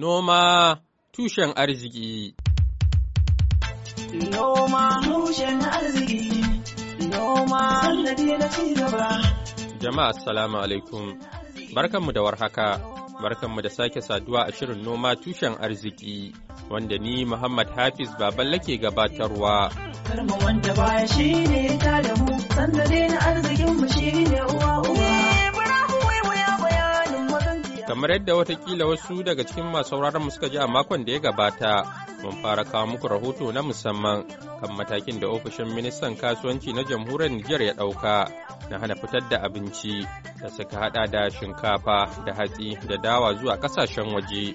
Noma tushen arziki Noma tushen arziki Noma sannadi na cigaba Jama'a assalamu alaikum barkanmu da warhaka barkanmu da sake saduwa a shirin noma tushen arziki wanda ni Muhammad Hafiz baban lake gabatarwa Karma wanda baya ne ta da mu sannadi na arzikin mu ne uwa uwa Kamar yadda watakila wasu daga cikin masu mu suka ji a makon da ya gabata, mun fara kawo muku rahoto na musamman kan matakin da ofishin ministan kasuwanci na jamhuriyar Nijar ya ɗauka na hana fitar da abinci da suka hada da shinkafa da hatsi da dawa zuwa ƙasashen waje.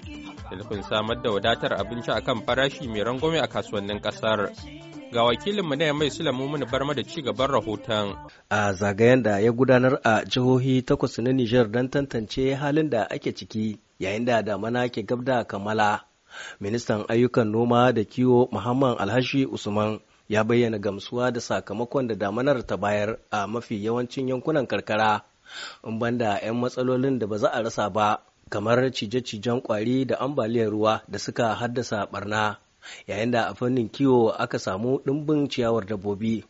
da nufin samar da wadatar abinci akan farashi mai rangwame a kasuwannin ƙasar. Ga wakilinmu na mai Sulamu mun barma da ci gaban rahoton. A zagayen da ya gudanar a jihohi takwas na Nijar don tantance halin da ake ciki yayin da damana ke gab da kamala. Ministan ayyukan noma da kiwo Muhammad Alhashi Usman ya bayyana gamsuwa da sakamakon da damanar ta bayar a mafi yawancin yankunan karkara in banda 'yan matsalolin da ba za a rasa ba kamar cije-cijen kwari da ambaliyar ruwa da suka haddasa barna yayin da a fannin kiwo aka samu ɗimbin ciyawar dabbobi.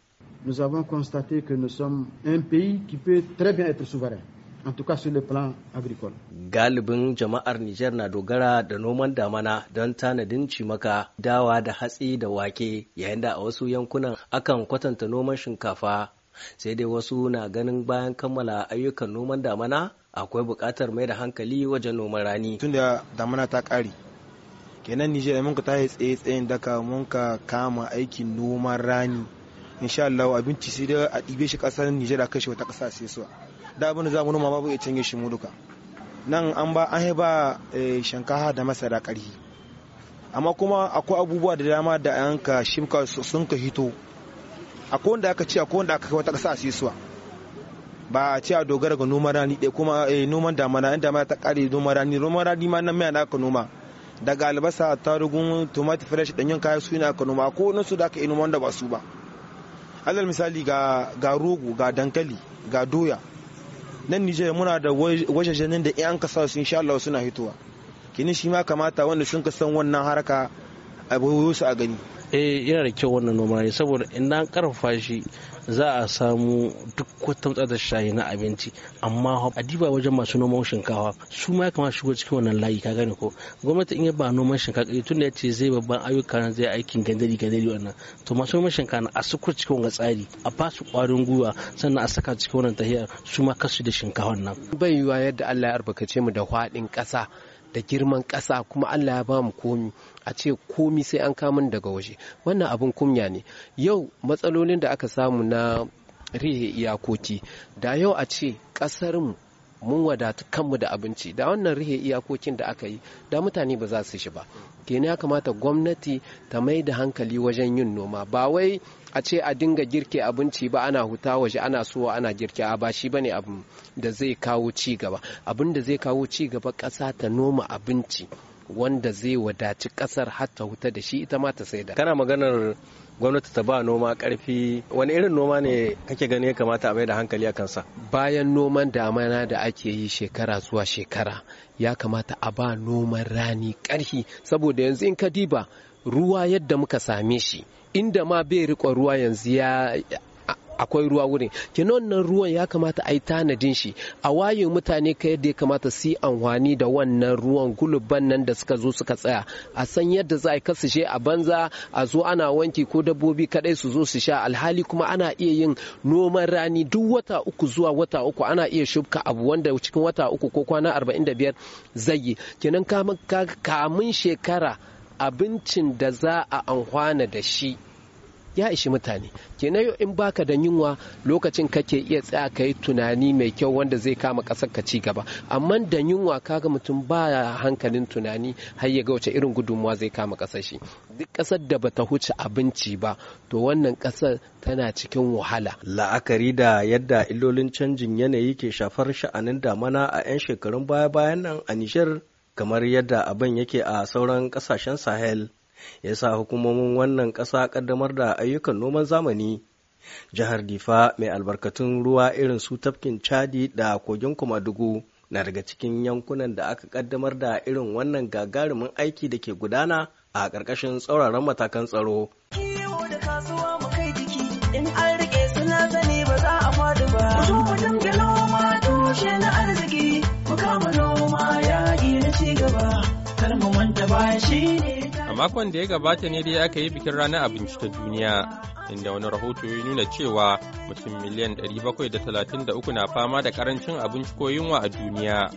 Nous avons constaté que nous sommes un pays qui peut très bien être souverain. en tout cas sur le plan agricole. Galibin jama'ar Nijar na dogara da noman damana don tanadin cimaka, dawa da hatsi da wake, yayin da a wasu yankunan akan kwatanta noman shinkafa. Sai dai wasu na ganin bayan kammala ayyukan noman damana akwai bukatar mai da hankali wajen noman rani. Tunda damana ta kare kenan nijar mun ka tashi tsaye tsayin daka mun ka kama aikin noman rani insha Allah abinci sai dai a ɗibe shi ƙasar nijar a kai wata ƙasa sai su da abin da zamu noma ba ya canje shi mu duka nan an ba an ba eh, shankaha da masara ƙarhi amma kuma akwai abubuwa da dama da an ka shimka sun ka hito akwai wanda aka ce akwai wanda aka kai wata ƙasa sai su ba a ce a dogara ga noman rani ɗaya kuma eh, noman damana in damana ta ƙare noman rani noman rani ma nan mai aka noma daga albasa tarugun tomato fresh ɗanyen kaya su ne kano ma ko nan su da aka wanda ba su ba alal misali ga rogo ga dankali ga doya nan Nijar muna da janin da yan kasa su insha Allah suna hitowa kini shi ma kamata wanda sun san wannan haraka a su a gani eh yana da kyau wannan noma ne saboda ina an karfafa shi za a samu duk wata matsala shayi na abinci amma a diba wajen masu noman shinkafa su ma ya kamata shigo cikin wannan layi ka gane ko gwamnati in ya ba noman shinkafa eh, tun da ya ce zai babban ayyuka zai aikin gandari gandari wannan to masu noman shinkafa a sukur cikin wannan tsari a fasu kwarin gwiwa sannan a saka cikin wannan tahiyar su ma kasu da shinkafa nan bai yiwa yadda Allah ya albarkace mu da hwaɗin ƙasa da girman ƙasa kuma Allah ya ba mu komi a ce komi sai an kamun daga waje wannan abin kunya ne yau matsalolin da aka samu na rihe iyakoki da yau a ce ƙasarmu mun wadatu kanmu da abinci da wannan rihe iyakokin da aka yi da mutane ba za su shi ba kenan ya kamata gwamnati ta mai da hankali wajen yin noma ba wai a ce a dinga girke abinci ba ana huta waje ana suwa ana girke a ba shi ne abin da zai kawo ci abin da zai kawo cigaba gaba ƙasa ta noma abinci wanda zai wadaci kasar har ta huta da shi ita ma ta saida kana maganar gwamnati ta ba noma karfi wani irin noma ne kake gani ya kamata a mai da hankali a kansa bayan noman damana da ake yi shekara zuwa shekara ya kamata a ba noman rani karfi saboda yanzu in ka diba ruwa yadda muka same shi inda ma bai riƙon ruwa yanzu ya akwai ruwa wurin kenan nan ruwan ya kamata a yi tanadin shi a waye mutane ka yadda ya kamata su yi amfani da wannan ruwan gulubban nan da suka zo suka tsaya a san yadda za a kasashe a banza a zo ana wanki ko dabbobi kadai su zo su sha alhali kuma ana iya yin noman rani duk wata uku zuwa wata uku ana iya shubka abu wanda cikin wata uku ko kwana 45 zai yi kenan kamun shekara abincin da za a amfana da shi ya ishi mutane kenan in baka da yunwa lokacin kake iya tsaya ka yi tunani mai kyau wanda zai kama ƙasar ka ci gaba amma da yunwa kaga mutum ba hankalin tunani har ya ga wace irin gudunmuwa zai kama ƙasar shi duk ƙasar da bata huce abinci ba to wannan ƙasar tana cikin wahala la'akari da yadda illolin canjin yanayi ke shafar sha'anin damana a 'yan shekarun baya-bayan nan a nijar kamar yadda abin yake a sauran ƙasashen sahel ya sa hukumomin wannan ƙasa ƙaddamar da ayyukan noman zamani jihar difa mai albarkatun ruwa irin su tafkin chadi da kogin kumadugu na daga cikin yankunan da aka ƙaddamar da irin wannan gagarumin aiki da ke gudana a ƙarƙashin tsauraran matakan tsaro. da kasuwa mu makon da ya gabata ne dai aka yi bikin ranar abinci ta duniya inda wani rahoto ya nuna cewa mutum miliyan 733 na fama da karancin abinci ko yunwa a duniya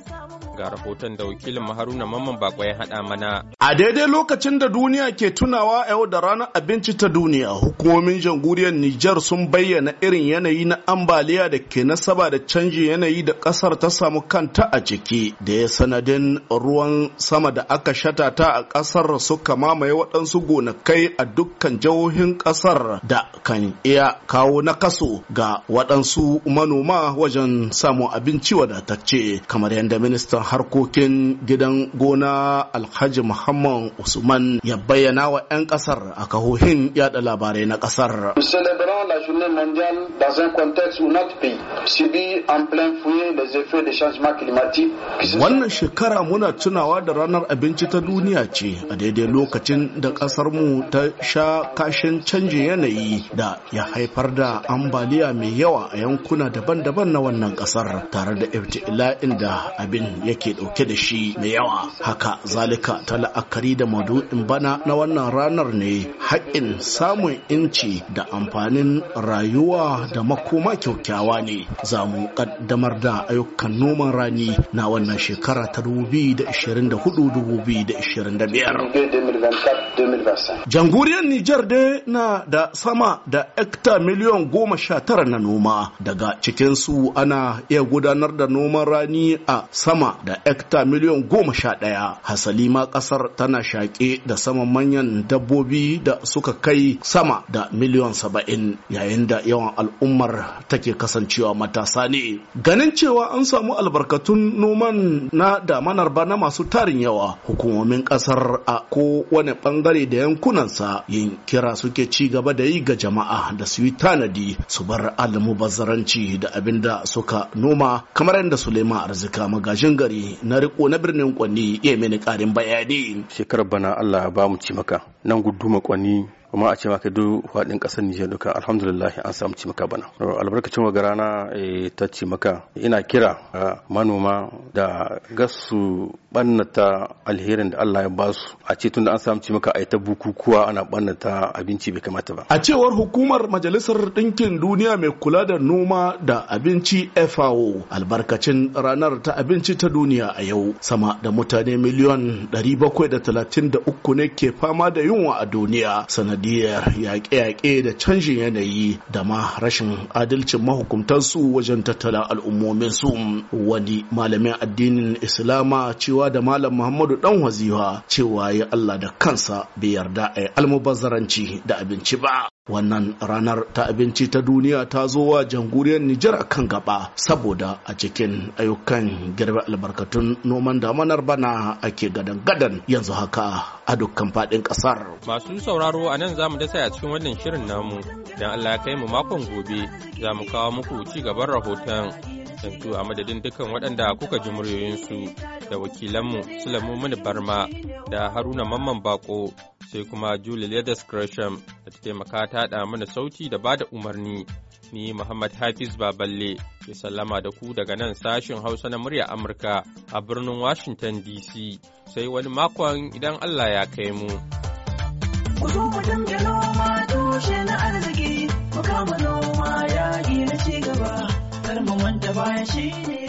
ga rahoton da wakilin Haruna Mamman Bako ya haɗa mana. A daidai lokacin da duniya ke tunawa yau da ranar abinci ta duniya, hukumomin jamhuriyar Nijar sun bayyana irin yanayi na ambaliya da ke nasaba da canji yanayi da ƙasar ta samu kanta a ciki, da ya sanadin ruwan sama da aka shata ta a ƙasar suka mamaye waɗansu gonakai a dukkan jihohin ƙasar da kan iya kawo nakaso ga waɗansu manoma wajen samun abinci wadatacce, kamar yadda ministan harkokin gidan gona alhaji muhammad usman ya bayyana wa 'yan kasar a kahohin yada labarai na kasar Wannan shekara muna tunawa da ranar abinci ta duniya ce a daidai lokacin da kasar mu ta sha kashin canji yanayi da ya haifar da ambaliya mai yawa a yankuna daban-daban na wannan ƙasar, tare da ibtila'in da abin ya yake dauke da shi mai yawa haka zalika ta la'akari da madu'in bana na wannan ranar ne haƙƙin samun inci da amfanin rayuwa da makoma kyaukyawa ne za mu kaddamar da ayyukan noman rani na wannan shekara ta 2024-2025 janguriyar nijar dai na da sama da hekta miliyon goma sha tara na noma daga cikinsu ana iya gudanar da noman rani a sama da ekta miliyan goma sha ɗaya hasali ma ƙasar tana shaƙe da saman manyan dabbobi da suka kai sama da miliyan saba'in yayin da yawan al'ummar take kasancewa matasa ne ganin cewa an samu albarkatun noman na damanar bana masu tarin yawa hukumomin ƙasar a kowane ɓangare da yankunansa yin kira suke ci gaba da yi ga jama'a da su yi tanadi su bar almubazzaranci da abin da suka noma kamar yadda Suleiman Arzika magajin gari Bari na riko na birnin Kwanni ya mini karin bayani. Shekarar bana Allah ba mu ci maka nan guduma Kwanni kuma a ce maka duk faɗin ƙasar Nijar duka alhamdulillah an samu cimaka bana albarkacin wa na eh, ta cimaka ina kira manoma da gasu bannata alherin da Allah ya ba su a ce tun da an samu cimaka a ta bukukuwa ana bannata abinci bai kamata ba a cewar hukumar majalisar ɗinkin duniya mai kula da noma da abinci FAO albarkacin ranar ta abinci ta duniya a yau sama da mutane miliyan 733 ne ke fama da yunwa a duniya sanadin. sanadiyar yaƙe-yaƙe da canjin yanayi da ma rashin adalcin mahukuntansu wajen tattala al'ummominsu wani malamin addinin islama cewa da malam muhammadu dan waziwa cewa ya allah da kansa bai yarda a yi almubazzaranci da abinci ba wannan ranar ta abinci ta duniya ta zo wa jamhuriyar Nijar a kan gaba saboda a cikin ayyukan girbe albarkatun noman damanar bana ake gadan-gadan yanzu haka a dukkan fadin kasar Masu sauraro a nan za mu dasa a cikin wannan shirin namu don Allah ya kai mu makon gobe za mu kawo muku ci gaban rahoton. a madadin dukkan waɗanda kuka ji muryoyinsu da wakilanmu Sulaimu Mini Barma da Haruna Mamman Bako sai kuma Julie Leathers Gresham da ta taimaka ta da mana sauti da bada umarni. Ni Muhammad Hafiz Baballe ke sallama da ku daga nan sashin Hausa na murya Amurka a birnin Washington DC sai wani makon idan Allah ya kai mu. Ku zo arziki, ku kama noma yaƙi na ci gaba, kar mu shi ne.